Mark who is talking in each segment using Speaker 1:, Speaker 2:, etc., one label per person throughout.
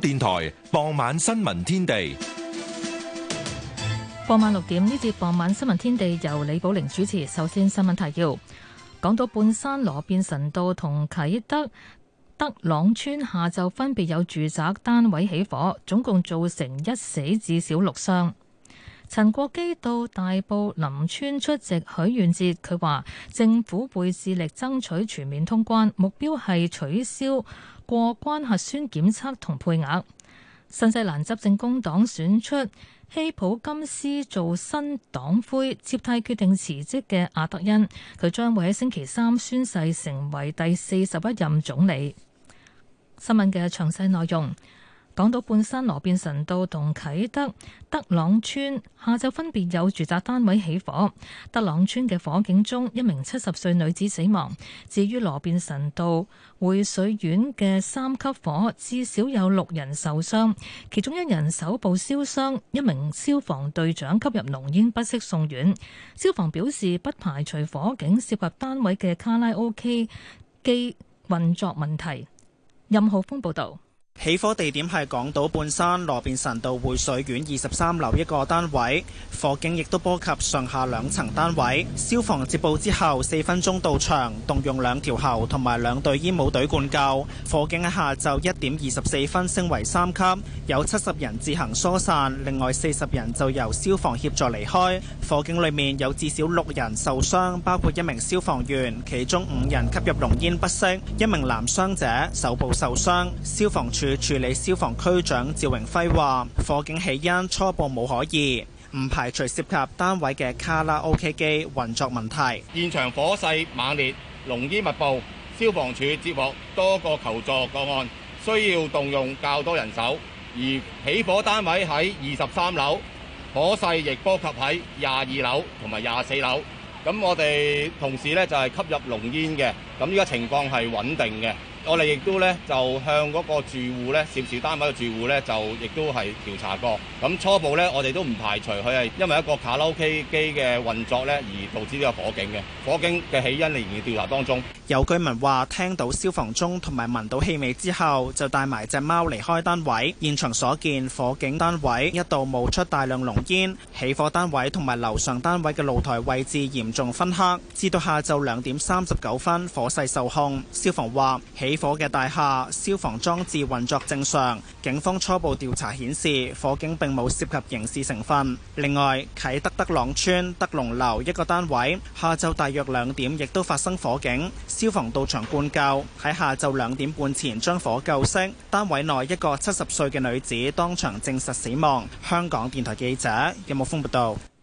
Speaker 1: 電台傍晚新聞天地，
Speaker 2: 傍晚六點呢節傍晚新聞天地由李寶玲主持。首先新聞提要，講到半山羅便臣道同啟德德朗村下晝分別有住宅單位起火，總共造成一死至少六傷。陳國基到大埔林村出席許願節，佢話政府會致力爭取全面通關，目標係取消過關核酸檢測同配額。新西蘭執政工黨選出希普金斯做新黨魁，接替決定辭職嘅阿德恩，佢將會喺星期三宣誓成為第四十一任總理。新聞嘅詳細內容。港島半山羅便臣道同啟德德朗村下晝分別有住宅單位起火，德朗村嘅火警中一名七十歲女子死亡。至於羅便臣道會水苑嘅三級火，至少有六人受傷，其中一人手部燒傷，一名消防隊長吸入濃煙不適送院。消防表示不排除火警涉及單位嘅卡拉 OK 機運作問題。任浩峰報導。
Speaker 3: 起火地點係港島半山羅便臣道匯水苑二十三樓一個單位，火警亦都波及上下兩層單位。消防接報之後四分鐘到場，動用兩條喉同埋兩隊煙霧隊灌救。火警喺下晝一點二十四分升為三級，有七十人自行疏散，另外四十人就由消防協助離開。火警裏面有至少六人受傷，包括一名消防員，其中五人吸入濃煙不適，一名男傷者手部受傷。消防處處理消防區長趙榮輝話：火警起因初步冇可疑，唔排除涉及單位嘅卡拉 OK 機運作問題。
Speaker 1: 現場火勢猛烈，濃煙密佈，消防處接獲多個求助個案，需要動用較多人手。而起火單位喺二十三樓，火勢亦波及喺廿二樓同埋廿四樓。咁我哋同事呢，就係吸入濃煙嘅。咁依家情況係穩定嘅，我哋亦都咧就向嗰個住戶咧涉事單位嘅住戶咧就亦都係調查過，咁初步咧，我哋都唔排除佢係因為一個卡拉 OK 機嘅運作咧而導致呢個火警嘅，火警嘅起因仍然調查當
Speaker 3: 中。有居民話聽到消防鐘同埋聞到氣味之後就帶埋隻貓離開單位。現場所見火警單位一度冒出大量濃煙，起火單位同埋樓上單位嘅露台位置嚴重燻黑。至到下晝兩點三十九分，火火勢受控，消防話起火嘅大廈消防裝置運作正常。警方初步調查顯示，火警並冇涉及刑事成分。另外，啟德德朗邨德隆樓一個單位下晝大約兩點亦都發生火警，消防到場灌救，喺下晝兩點半前將火救熄。單位內一個七十歲嘅女子當場證實死亡。香港電台記者任慕豐報道。有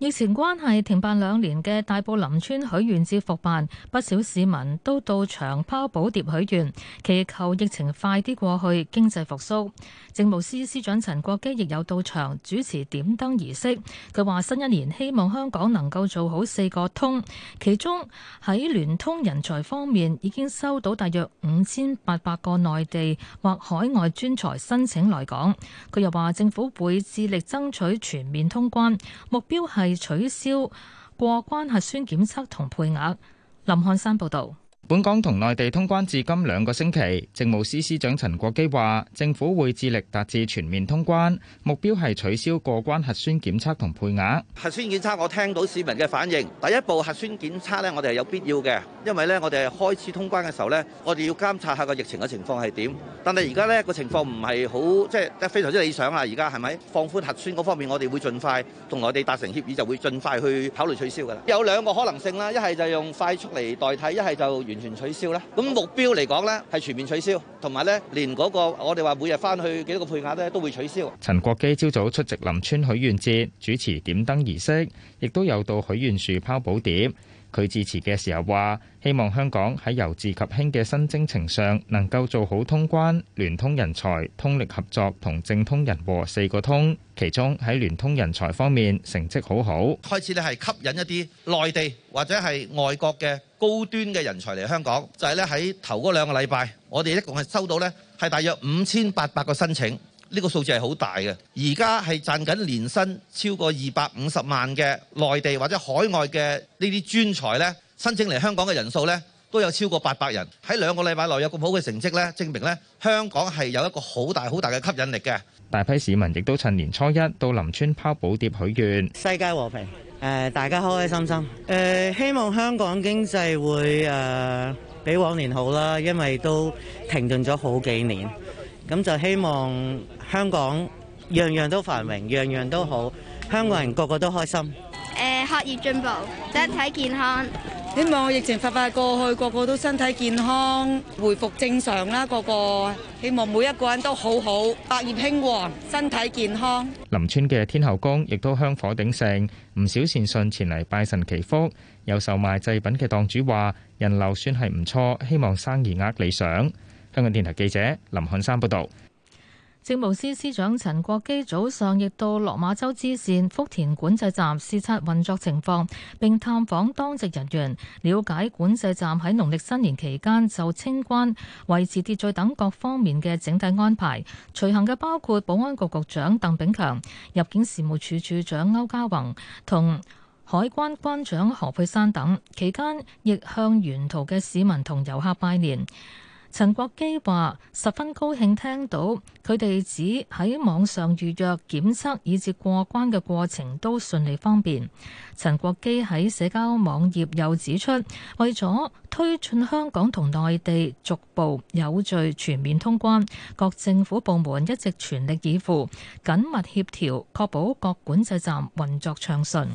Speaker 2: 疫情關係停辦兩年嘅大埔林村許願節復辦，不少市民都到場拋寶牒許願，祈求疫情快啲過去，經濟復甦。政務司司長陳國基亦有到場主持點燈儀式。佢話：新一年希望香港能夠做好四個通，其中喺聯通人才方面已經收到大約五千八百個內地或海外專才申請來港。佢又話：政府會致力爭取全面通關，目標係，係取消過關核酸檢測同配額。林漢山報道。
Speaker 4: 本港同內地通關至今兩個星期，政務司司長陳國基話：政府會致力達至全面通關，目標係取消過關核酸檢測同配額。
Speaker 1: 核酸檢測，我聽到市民嘅反應，第一步核酸檢測呢，我哋係有必要嘅，因為呢，我哋係開始通關嘅時候呢，我哋要監察下個疫情嘅情況係點。但係而家呢個情況唔係好即係非常之理想啊！而家係咪放寬核酸嗰方面，我哋會盡快同內地達成協議，就會盡快去考慮取消㗎啦。有兩個可能性啦，一係就用快速嚟代替，一係就完。全取消啦！咁目標嚟講咧，係全面取消，同埋咧，連嗰個我哋話每日翻去幾多個配額咧，都會取消。
Speaker 4: 陳國基朝早出席林村許願節，主持點燈儀式，亦都有到許願樹拋寶碟。佢致辭嘅時候話：希望香港喺由治及興嘅新征程上，能夠做好通關、聯通人才、通力合作同政通人和四個通。其中喺聯通人才方面，成績好好。
Speaker 1: 開始咧係吸引一啲內地或者係外國嘅高端嘅人才嚟香港，就係咧喺頭嗰兩個禮拜，我哋一共係收到呢係大約五千八百個申請。呢個數字係好大嘅，而家係賺緊年薪超過二百五十萬嘅內地或者海外嘅呢啲專才咧，申請嚟香港嘅人數咧都有超過八百人。喺兩個禮拜內有咁好嘅成績咧，證明咧香港係有一個好大好大嘅吸引力嘅。
Speaker 4: 大批市民亦都趁年初一到林村拋寶牒許願，
Speaker 1: 世界和平，誒、呃、大家開開心心，誒、呃、希望香港經濟會誒、呃、比往年好啦，因為都停頓咗好幾年。咁就希望香港樣樣都繁榮，樣樣都好，香港人個個都開心。
Speaker 5: 誒，學業進步，身體健康。希望疫情快快過去，個個都身體健康，回復正常啦。個個希望每一個人都好好，百業興旺，身體健康。
Speaker 4: 林村嘅天后宮亦都香火鼎盛，唔少善信前嚟拜神祈福。有售賣祭品嘅檔主話：人流算係唔錯，希望生意額理想。香港電台記者林漢山報道，
Speaker 2: 政務司司長陳國基早上亦到落馬洲支綫福田管制站視察運作情況，並探訪當值人員，了解管制站喺農曆新年期間就清關、維持秩序等各方面嘅整體安排。隨行嘅包括保安局局長鄧炳強、入境事務處處長歐家宏同海關關長何佩珊等。期間亦向沿途嘅市民同遊客拜年。陳國基話：十分高興聽到佢哋指喺網上預約檢測以至過關嘅過程都順利方便。陳國基喺社交網頁又指出，為咗推進香港同內地逐步有序全面通關，各政府部門一直全力以赴，緊密協調，確保各管制站運作暢順。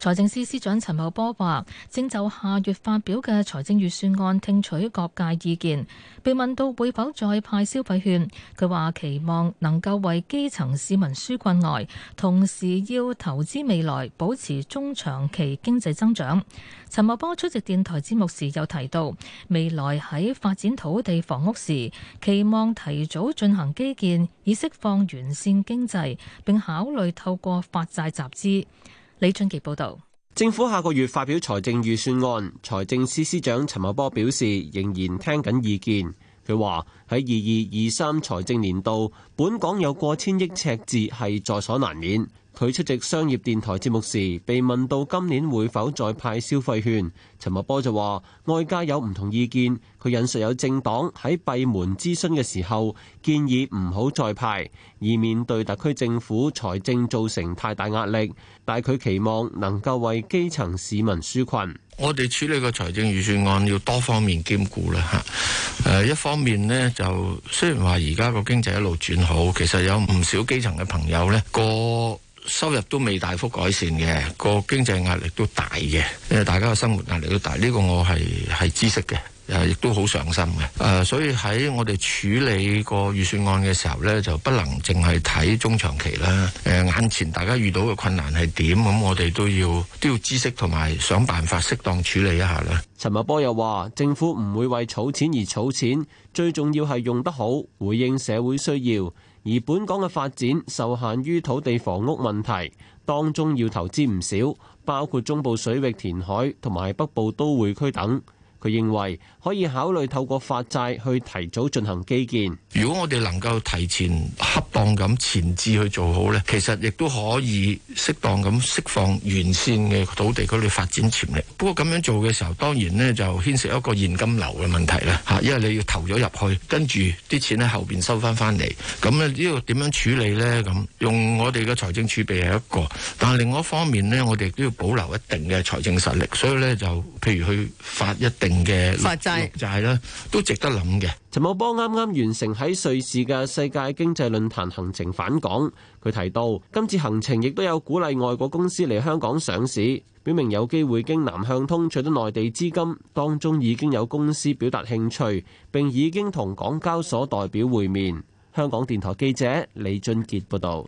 Speaker 2: 財政司司長陳茂波話：正就下月發表嘅財政預算案聽取各界意見。被問到會否再派消費券，佢話期望能夠為基層市民紓困外，同時要投資未來，保持中長期經濟增長。陳茂波出席電台節目時又提到，未來喺發展土地房屋時，期望提早進行基建，以釋放完善經濟，並考慮透過發債集資。李俊傑報道，
Speaker 6: 政府下個月發表財政預算案，財政司司長陳茂波表示仍然聽緊意見。佢話，喺二二二三財政年度，本港有過千億赤字係在所難免。佢出席商業電台節目時，被問到今年會否再派消費券，陳茂波就話：外界有唔同意見，佢引述有政黨喺閉門諮詢嘅時候建議唔好再派，以免對特區政府財政造成太大壓力。但佢期望能夠為基層市民紓困。
Speaker 7: 我哋處理個財政預算案要多方面兼顧啦，吓，誒，一方面呢，就雖然話而家個經濟一路轉好，其實有唔少基層嘅朋友呢個。收入都未大幅改善嘅，個經濟壓力都大嘅，因為大家嘅生活壓力都大。呢、這個我係係知悉嘅，誒亦都好上心嘅。誒、呃，所以喺我哋處理個預算案嘅時候咧，就不能淨係睇中長期啦。誒、呃，眼前大家遇到嘅困難係點，咁我哋都要都要知悉同埋想辦法適當處理一下啦。
Speaker 6: 陳茂波又話：政府唔會為儲錢而儲錢，最重要係用得好，回應社會需要。而本港嘅發展受限於土地房屋問題，當中要投資唔少，包括中部水域填海同埋北部都會區等。佢認為可以考慮透過發債去提早進行基建。
Speaker 7: 如果我哋能夠提前恰當咁前置去做好咧，其實亦都可以適當咁釋放原先嘅土地嗰啲發展潛力。不過咁樣做嘅時候，當然咧就牽涉一個現金流嘅問題啦。吓，因為你要投咗入去，跟住啲錢喺後邊收翻翻嚟，咁咧呢個點樣處理咧？咁用我哋嘅財政儲備係一個，但係另外一方面咧，我哋亦都要保留一定嘅財政實力。所以咧，就譬如去發一定。嘅法制就係啦，都值得諗
Speaker 6: 嘅。陳茂波啱啱完成喺瑞士嘅世界經濟論壇行程返港，佢提到今次行程亦都有鼓勵外國公司嚟香港上市，表明有機會經南向通取得內地資金，當中已經有公司表達興趣，並已經同港交所代表會面。香港電台記者李俊傑報道。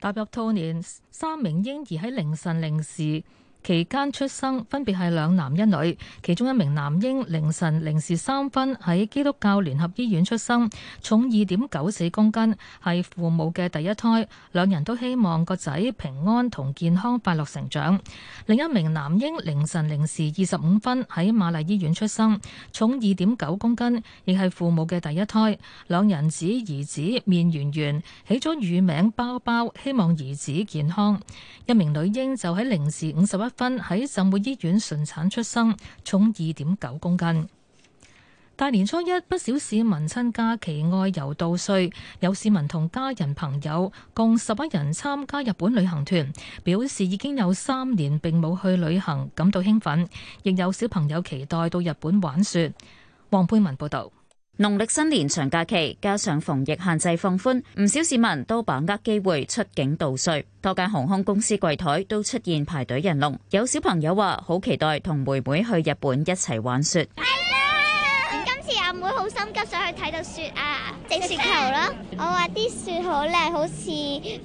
Speaker 2: 踏入兔年，三名嬰兒喺凌晨零時期間出生分別係兩男一女，其中一名男嬰凌晨零時三分喺基督教聯合醫院出生，重二點九四公斤，係父母嘅第一胎，兩人都希望個仔平安同健康快樂成長。另一名男嬰凌晨零時二十五分喺瑪麗醫院出生，重二點九公斤，亦係父母嘅第一胎，兩人指兒子面圓圓，起咗乳名包包，希望兒子健康。一名女嬰就喺零時五十一。分喺浸會醫院順產出生，重二點九公斤。大年初一，不少市民趁假期外遊度歲，有市民同家人朋友共十一人參加日本旅行團，表示已經有三年並冇去旅行，感到興奮，亦有小朋友期待到日本玩雪。黃佩文報道。農曆新年
Speaker 8: 長假期，加上防疫限制放寬，唔少市民都把握機會出境度歲。多間航空公司櫃台都出現排隊人龍，有小朋友話好期待同妹妹去日本一齊玩雪。
Speaker 5: 唔會好心急想去睇到雪啊，整雪球啦！ 我話啲雪好靚，好似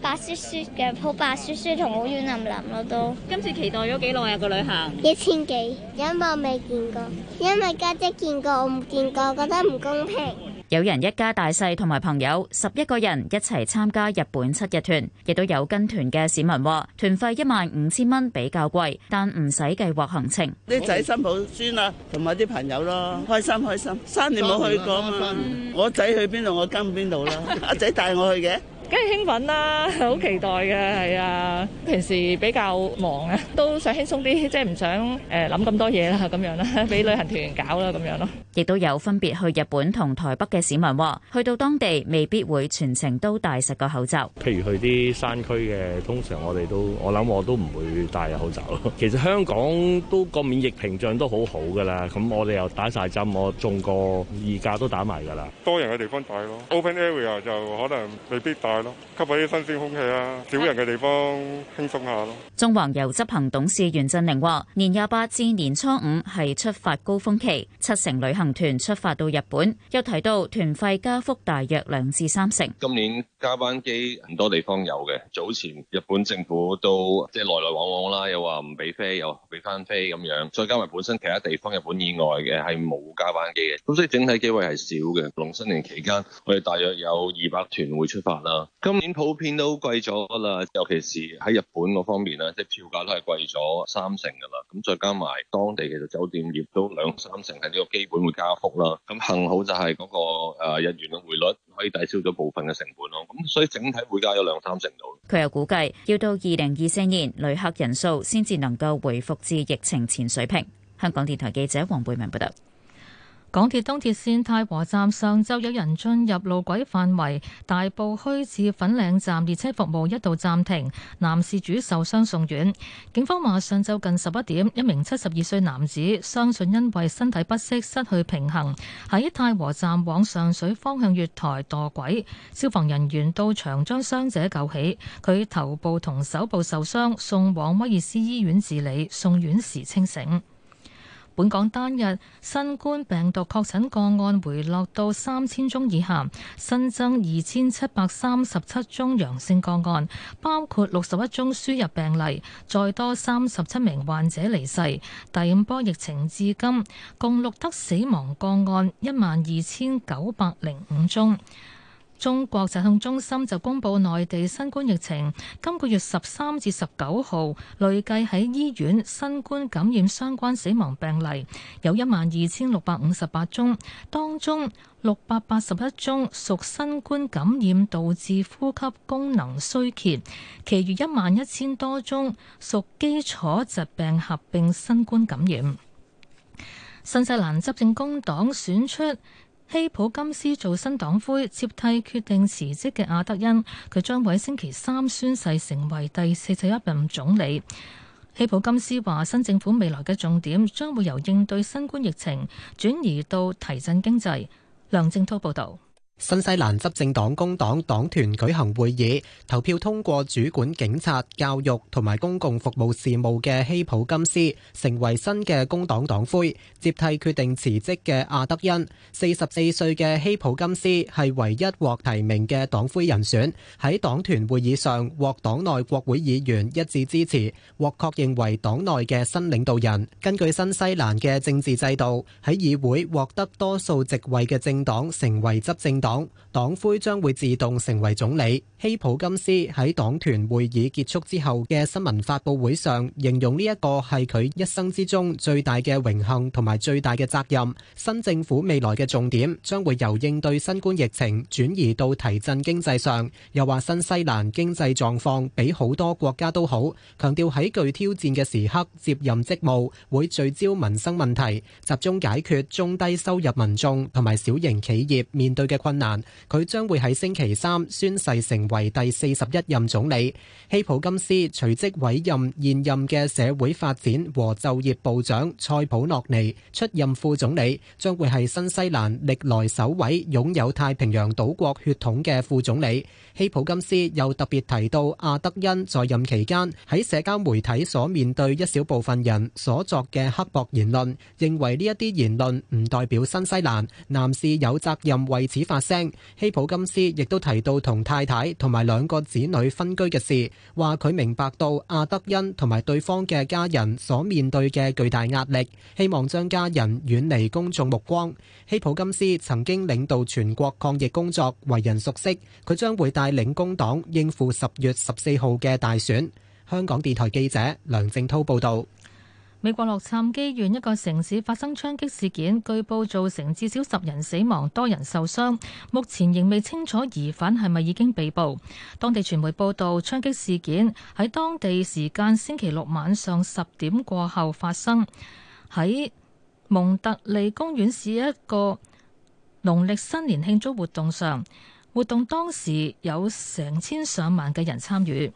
Speaker 5: 白雪雪嘅，好白雪雪同好軟淋淋咯都。今次期待咗幾耐啊個旅行！一千幾，因為我未見過，因為家姐見過，我唔見過，覺得唔公平。
Speaker 8: 有人一家大細同埋朋友十一個人一齊參加日本七日團，亦都有跟團嘅市民話團費一萬五千蚊比較貴，但唔使計劃行程。啲仔好、
Speaker 3: 新抱、孫啊，同埋啲朋友咯、啊，開心開心，三年冇去過啊、嗯嗯、我仔去邊度我跟邊度啦，阿仔帶我去嘅。
Speaker 5: 梗
Speaker 2: 係興奮啦，好期待嘅係啊！平時比較忙啊，都想輕鬆啲，即係唔想誒諗咁多嘢啦，咁樣啦，俾旅行團員搞啦，咁樣咯。亦都有
Speaker 8: 分別去日本同台北嘅市民話，去到當地未必會全程都戴實個口
Speaker 1: 罩。譬如去啲山區嘅，通常我哋都我諗我都唔會戴口罩咯。其實香港都個免疫屏障都好好噶啦，咁我哋又打晒針，我中過二價都打埋噶啦。多人嘅地方戴咯，open area 就可能未必戴。係
Speaker 3: 咯，吸下啲新鮮空氣啊，少人嘅地方，輕鬆
Speaker 8: 下咯。中橫遊執行董事袁振寧話，年廿八至年初五係出發高峰期，七成旅行團出發到日本。又提到團費加幅大約兩至三成。今年
Speaker 7: 加班機唔多地方有嘅，早前日本政府都即係、就是、來來往往啦，又話唔俾飛，又俾翻飛咁樣。再加埋本身其他地方日本以外嘅係冇加班機嘅，咁所以整體機位係少嘅。農新年期間，我哋大約有二百團會出發啦。今年普遍都貴咗啦，尤其是喺日本嗰方面咧，即係票價都係貴咗三成噶啦。咁再加埋當地嘅酒店業都兩三成係呢個基本會加幅啦。咁幸好就係嗰個誒日元嘅匯率可以抵消咗部分嘅成本咯。咁所以整體會加咗兩三成度，
Speaker 8: 佢又估計要到二零二四年旅客人數先至能夠
Speaker 2: 回復至疫情
Speaker 8: 前水平。香港電台記者黃貝文報道。
Speaker 2: 港鐵東鐵線太和站上晝有人進入路軌範圍，大埔墟至粉嶺站列車服務一度暫停，男事主受傷送院。警方話上晝近十一點，一名七十二歲男子相信因為身體不適失去平衡，喺太和站往上水方向月台墮軌，消防人員到場將傷者救起，佢頭部同手部受傷，送往威爾斯醫院治理，送院時清醒。本港單日新冠病毒確診個案回落到三千宗以下，新增二千七百三十七宗陽性個案，包括六十一宗輸入病例，再多三十七名患者離世。第五波疫情至今共錄得死亡個案一萬二千九百零五宗。中國疾控中心就公布內地新冠疫情，今個月十三至十九號累計喺醫院新冠感染相關死亡病例有一萬二千六百五十八宗，當中六百八十一宗屬新冠感染導致呼吸功能衰竭，其餘一萬一千多宗屬基礎疾病合併新冠感染。新西蘭執政工黨選出希普金斯做新黨魁接替決定辭職嘅阿德恩，佢將會喺星期三宣誓成為第四十一任總理。希普金斯話：新政府未來嘅重點將會由應對新冠疫情轉移到提振經濟。梁正濤報道。
Speaker 9: 新西蘭執政黨工黨黨團舉行會議，投票通過主管警察、教育同埋公共服務事務嘅希普金斯成為新嘅工黨黨魁，接替決定辭職嘅阿德恩。四十四歲嘅希普金斯係唯一獲提名嘅黨魁人選，喺黨團會議上獲黨內國會議員一致支持，獲確認為黨內嘅新領導人。根據新西蘭嘅政治制度，喺議會獲得多數席位嘅政黨成為執政黨。黨黨魁將會自動成為總理。希普金斯喺黨團會議結束之後嘅新聞發佈會上，形容呢一個係佢一生之中最大嘅榮幸同埋最大嘅責任。新政府未來嘅重點將會由應對新冠疫情轉移到提振經濟上，又話新西蘭經濟狀況比好多國家都好。強調喺具挑戰嘅時刻接任職務，會聚焦民生問題，集中解決中低收入民眾同埋小型企業面對嘅困難。佢將會喺星期三宣誓成。為第四十一任總理。希普金斯隨即委任現任嘅社會發展和就業部長塞普諾尼出任副總理，將會係新西蘭歷來首位擁有太平洋島國血統嘅副總理。希普金斯又特別提到阿德恩在任期間喺社交媒體所面對一小部分人所作嘅刻薄言論，認為呢一啲言論唔代表新西蘭，男士有責任為此發聲。希普金斯亦都提到同太太，同埋兩個子女分居嘅事，話佢明白到阿德恩同埋對方嘅家人所面對嘅巨大壓力，希望將家人遠離公眾目光。希普金斯曾經領導全國抗疫工作，為人熟悉，佢將會帶領工黨應付十月十四號嘅大選。香港電台記者梁正滔報導。
Speaker 2: 美國洛杉磯縣一個城市發生槍擊事件，據報造成至少十人死亡，多人受傷。目前仍未清楚疑犯係咪已經被捕。當地傳媒報道，槍擊事件喺當地時間星期六晚上十點過後發生，喺蒙特利公園市一個農曆新年慶祝活動上，活動當時有成千上萬嘅人參與。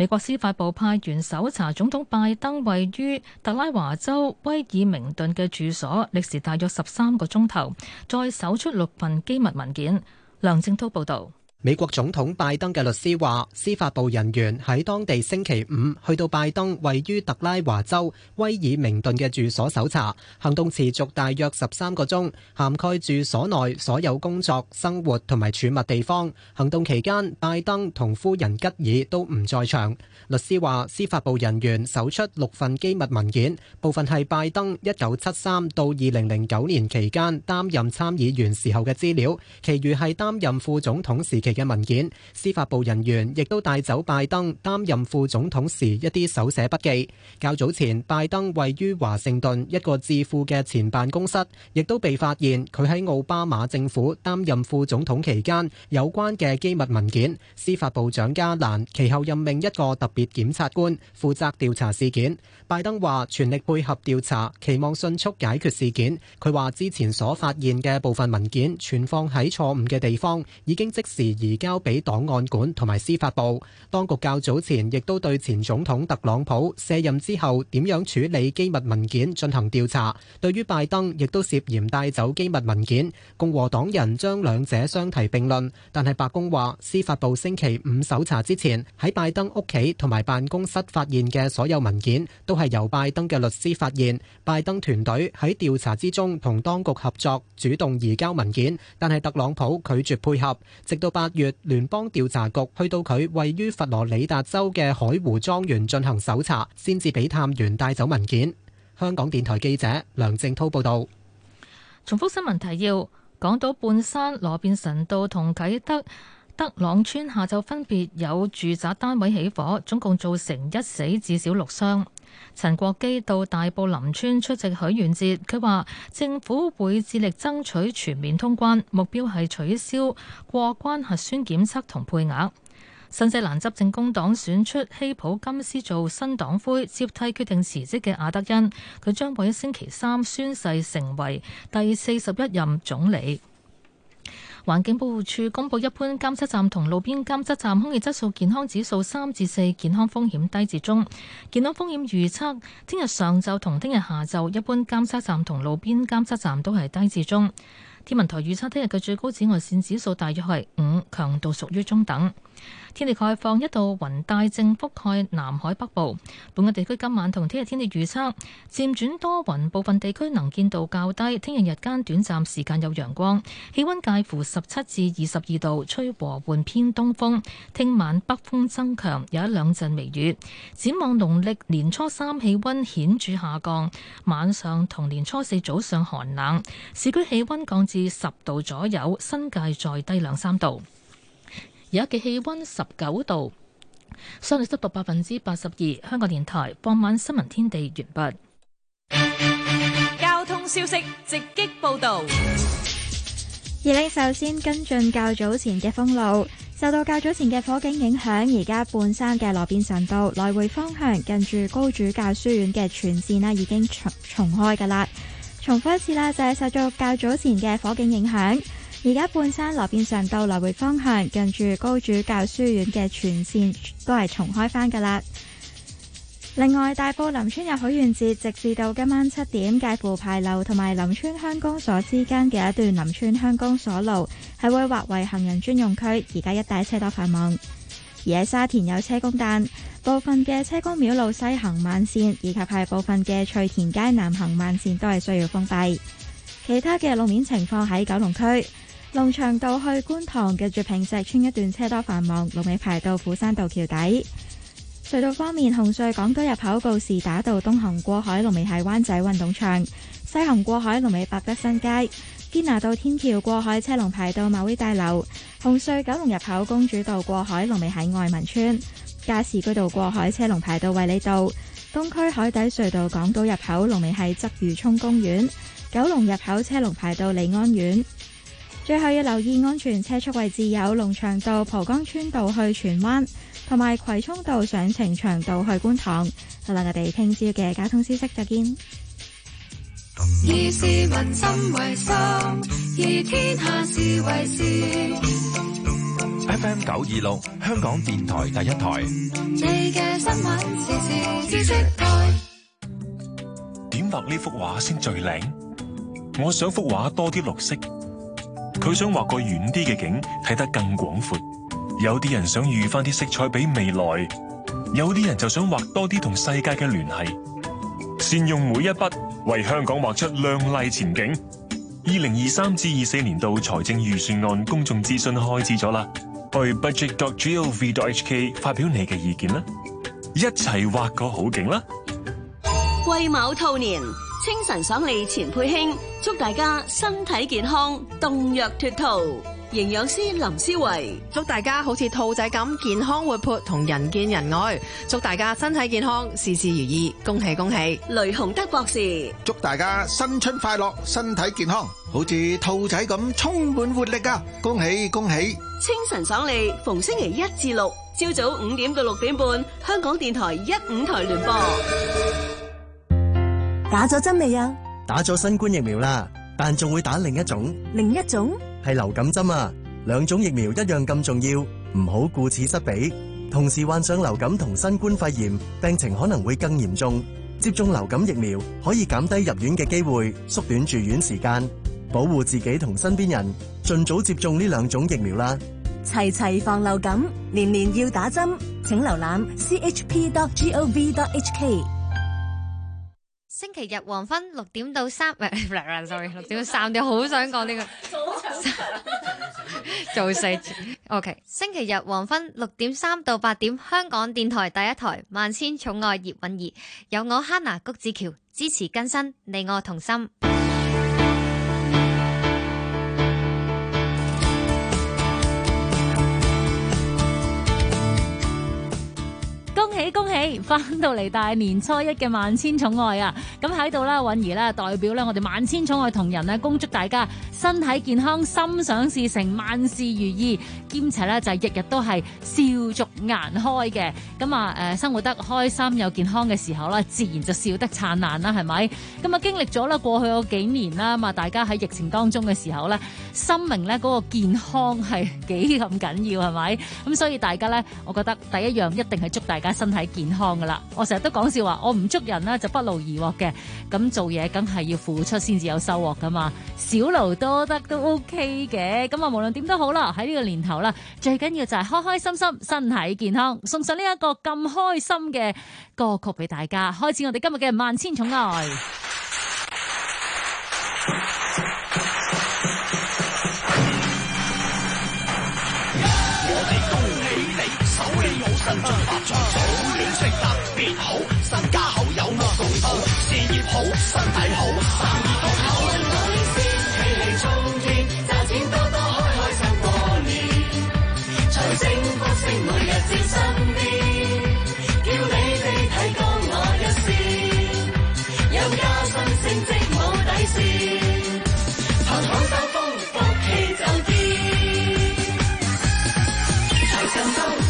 Speaker 2: 美國司法部派員搜查總統拜登位於特拉華州威爾明頓嘅住所，歷時大約十三個鐘頭，再搜出六份機密文件。梁正滔報道。
Speaker 9: 美國總統拜登嘅律師話，司法部人員喺當地星期五去到拜登位於特拉華州威爾明頓嘅住所搜查，行動持續大約十三個鐘，涵蓋住所內所有工作、生活同埋儲物地方。行動期間，拜登同夫人吉爾都唔在場。律師話，司法部人員搜出六份機密文件，部分係拜登一九七三到二零零九年期間擔任參議員時候嘅資料，其餘係擔任副總統時期嘅文件，司法部人員亦都帶走拜登擔任副總統時一啲手寫筆記。較早前，拜登位於華盛頓一個智庫嘅前辦公室，亦都被發現佢喺奧巴馬政府擔任副總統期間有關嘅機密文件。司法部長加蘭其後任命一個特別檢察官負責調查事件。拜登話全力配合調查，期望迅速解決事件。佢話之前所發現嘅部分文件存放喺錯誤嘅地方，已經即時。移交俾檔案館同埋司法部，當局較早前亦都對前總統特朗普卸任之後點樣處理機密文件進行調查。對於拜登，亦都涉嫌帶走機密文件，共和黨人將兩者相提並論。但係白宮話，司法部星期五搜查之前喺拜登屋企同埋辦公室發現嘅所有文件，都係由拜登嘅律師發現。拜登團隊喺調查之中同當局合作，主動移交文件，但係特朗普拒絕配合，直到拜八月聯邦調查局去到佢位於佛羅里達州嘅海湖莊園進行搜查，先至俾探員
Speaker 2: 帶走文件。香港電台記者梁正濤報道。重複新聞提要：港島半山羅便臣道同啟德。德朗村下晝分別有住宅單位起火，總共造成一死至少六傷。陳國基到大埔林村出席許願節，佢話政府會致力爭取全面通關，目標係取消過關核酸檢測同配額。新西蘭執政工黨選出希普金斯做新黨魁，接替決定辭職嘅阿德恩，佢將於星期三宣誓成為第四十一任總理。環境保護署公布一般監測站同路邊監測站空氣質素健康指數三至四，健康風險低至中。健康風險預測，聽日上晝同聽日下晝一般監測站同路邊監測站都係低至中。天文台預測聽日嘅最高紫外線指數大約係五，強度屬於中等。天氣概況，一度雲帶正覆蓋南海北部。本港地區今晚同聽日天氣預測漸轉多雲，部分地區能見度較低。聽日日間短暫時間有陽光，氣溫介乎十七至二十二度，吹和緩偏東風。聽晚北風增強，有一兩陣微雨。展望農曆年初三，氣溫顯著下降，晚上同年初四早上寒冷，市區氣溫降至十度左右，新界再低兩三度。而家嘅氣温十九度，相對濕度百分之八十二。香港電台傍晚新聞天地完畢。交通消息直擊報導。
Speaker 5: 而你首先跟進較早前嘅封路，受到較早前嘅火警影響，而家半山嘅羅便臣道來回方向近住高主教書院嘅全線呢已經重重開㗎啦。重複一次啦，就係、是、受咗較早前嘅火警影響。而家半山羅便臣道來回方向，近住高主教書院嘅全線都係重開返噶啦。另外，大埔林村入許願節，直至到今晚七點，介乎牌樓同埋林村鄉公所之間嘅一段林村鄉公所路係會劃為行人專用區。而家一帶車多繁忙，而喺沙田有車公誕，部分嘅車公廟路西行慢線，以及係部分嘅翠田街南行慢線都係需要封閉。其他嘅路面情況喺九龍區。龍翔道去觀塘，嘅住平石村一段車多繁忙，龍尾排到斧山道橋底。隧道方面，紅隧港島入口告士打道東行過海，龍尾係灣仔運動場；西行過海，龍尾百德新街。堅拿道天橋過海，車龍排到馬會大樓。紅隧九龍入口公主道過海，龍尾喺愛民村。加士居道過海，車龍排到衛理道。東區海底隧道港島入口，龍尾係鰂魚涌公園。九龍入口車龍排到利安苑。最後要留意安全車速位置有龍翔道、蒲崗村道去荃灣，同埋葵涌道上呈祥道去觀塘。嚟到我哋聽朝嘅交通消息，再見。
Speaker 2: 以市民心為心，以天下事
Speaker 1: 為事。FM 九二六，香港電台第一台。
Speaker 2: 你嘅新聞資訊台。
Speaker 7: 點畫呢幅畫先最靚？我想幅畫多啲綠色。佢想畫個遠啲嘅景，睇得更廣闊。有啲人想預翻啲色彩俾未來，有啲人就想畫多啲同世界嘅聯繫。善用每一筆，為香港畫出亮麗前景。二零二三至二四年度財政預算案公眾諮詢開始咗啦，去 budget.gov.hk 發表你嘅意見啦，一齊畫個好景啦！
Speaker 8: 癸卯兔年。清晨爽利錢佩卿，祝大家身體健康，動若脫兔。營養師林思維，祝大家好似兔仔咁
Speaker 5: 健康活潑同人見人愛，祝大家身體健康，事事如意，恭喜恭
Speaker 8: 喜。
Speaker 1: 雷洪德博士，祝大家新春快樂，身體健康，好似兔仔咁充滿活力啊，恭喜恭喜。
Speaker 8: 清晨爽利，逢星期一至六，朝早五點到六點半，香港電台一五台聯播。
Speaker 1: 打咗針未啊？打咗新冠疫苗啦，但仲會打另一種。另一種係流感針啊，兩種疫苗一樣咁重要，唔好顧此失彼。同時患上流感同新冠肺炎，病情可能會更嚴重。接種流感疫苗可以減低入院嘅機會，縮短住院時間，保護自己同身邊人。盡早接種呢兩種疫苗啦！
Speaker 2: 齊齊防流感，年年要打針，請瀏覽 chp.gov.hk。
Speaker 3: 星期日黃昏六點到三 ，sorry，六點三，我好想講呢個早場做四次，okay。星期日黃昏六點三到八點，香港電台第一台萬千寵愛葉韻儀，有我哈拿谷子喬支持更新，你我同心。
Speaker 2: 恭喜翻到嚟，大年初一嘅萬千寵愛啊！咁喺度咧，允兒咧代表咧我哋萬千寵愛同仁咧，恭祝大家身體健康、心想事成、萬事如意，兼且咧就係日日都係笑逐顏開嘅。咁啊，誒，生活得開心又健康嘅時候啦，自然就笑得燦爛啦，係咪？咁啊，經歷咗咧過去嗰幾年啦，嘛，大家喺疫情當中嘅時候咧，心靈咧嗰個健康係幾咁緊要，係咪？咁所以大家咧，我覺得第一樣一定係祝大家身體。喺健康噶啦，我成日都講笑話，我唔捉人咧
Speaker 8: 就不勞而獲嘅，咁做嘢梗係要付出先至有收穫噶嘛，少勞多
Speaker 2: 得都 OK 嘅，咁啊無論點都好啦，喺呢個年頭啦，最緊要就係開開心心，身體健康，送上呢一個咁，嗯、開心嘅歌曲俾大家，開始我哋今日
Speaker 8: 嘅萬千寵愛。啊，我哋恭
Speaker 1: 喜你，手起舞身進發。身家好，有目共
Speaker 9: 睹，事業好，身體好。生意好，好運，來喜氣沖天，賺錢多多開開心過年，財星福星，
Speaker 6: 每日沾上。